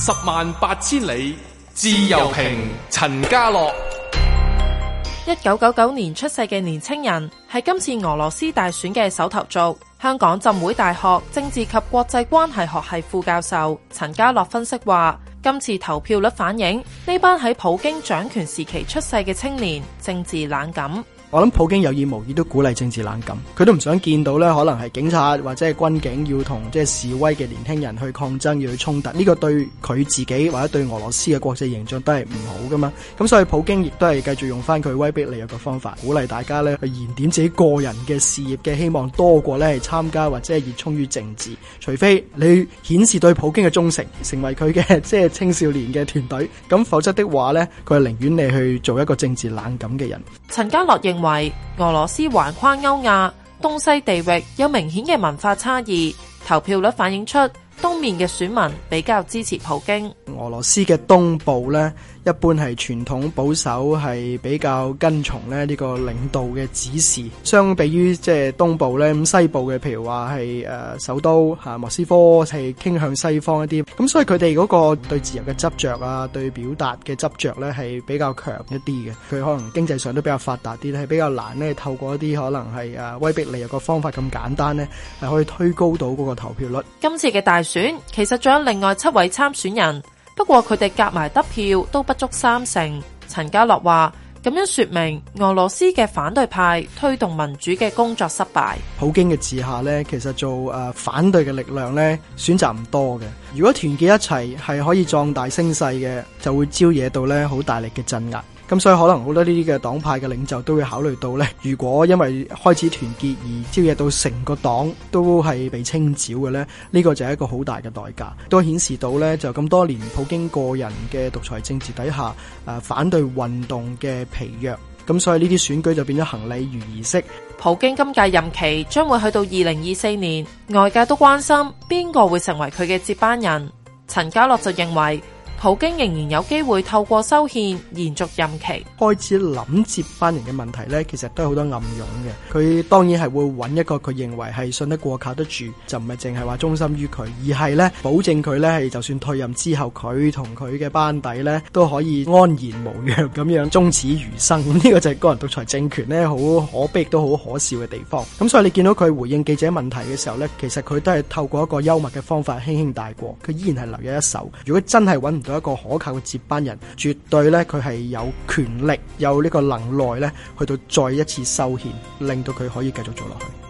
十萬八千里自由評陳家洛，一九九九年出世嘅年青人係今次俄羅斯大選嘅首投族。香港浸會大學政治及國際關係學系副教授陳家洛分析話，今次投票率反映呢班喺普京掌權時期出世嘅青年政治冷感。我諗普京有意無意都鼓勵政治冷感，佢都唔想見到咧，可能係警察或者係軍警要同即係示威嘅年輕人去抗爭，要去衝突。呢個對佢自己或者對俄羅斯嘅國際形象都係唔好噶嘛。咁所以普京亦都係繼續用翻佢威逼利誘嘅方法，鼓勵大家咧去燃點自己個人嘅事業嘅希望多過咧係參加或者係熱衷於政治。除非你顯示對普京嘅忠誠，成為佢嘅即係青少年嘅團隊，咁否則的話呢，佢係寧願你去做一個政治冷感嘅人。陳家洛認。為俄羅斯橫跨歐亞東西地域，有明顯嘅文化差異，投票率反映出東面嘅選民比較支持普京。俄羅斯嘅東部呢。一般係傳統保守，係比較跟從咧呢個領導嘅指示。相比於即係東部咧，咁西部嘅，譬如話係誒首都吓莫斯科，係傾向西方一啲。咁所以佢哋嗰個對自由嘅執着啊，對表達嘅執着咧，係比較強一啲嘅。佢可能經濟上都比較發達啲，係比較難咧透過一啲可能係誒威逼利誘嘅方法咁簡單咧，係可以推高到嗰個投票率。今次嘅大選，其實仲有另外七位參選人。不過佢哋夾埋得票都不足三成，陳家洛話咁樣說明俄羅斯嘅反對派推動民主嘅工作失敗。普京嘅治下呢，其實做誒反對嘅力量呢，選擇唔多嘅。如果團結一齊係可以壯大聲勢嘅，就會招惹到呢好大力嘅鎮壓。咁、嗯、所以可能好多呢啲嘅黨派嘅領袖都會考慮到咧，如果因為開始團結而招惹到成個黨都係被清剿嘅咧，呢、這個就係一個好大嘅代價，都顯示到咧就咁多年普京個人嘅獨裁政治底下，誒、呃、反對運動嘅疲弱，咁、嗯、所以呢啲選舉就變咗行禮如儀式。普京今屆任期將會去到二零二四年，外界都關心邊個會成為佢嘅接班人。陳家洛就認為。普京仍然有機會透過修憲延續任期，開始諗接班人嘅問題咧，其實都係好多暗湧嘅。佢當然係會揾一個佢認為係信得過靠得住，就唔係淨係話忠心於佢，而係咧保證佢咧係就算退任之後，佢同佢嘅班底咧都可以安然無恙咁樣終此餘生。呢個就係個人獨裁政權咧好可悲都好可笑嘅地方。咁所以你見到佢回應記者問題嘅時候咧，其實，佢都係透過一個幽默嘅方法輕輕帶過，佢依然係留有一手。如果真係揾唔，有一個可靠嘅接班人，絕對咧佢係有權力、有呢個能耐咧，去到再一次修憲，令到佢可以繼續做落去。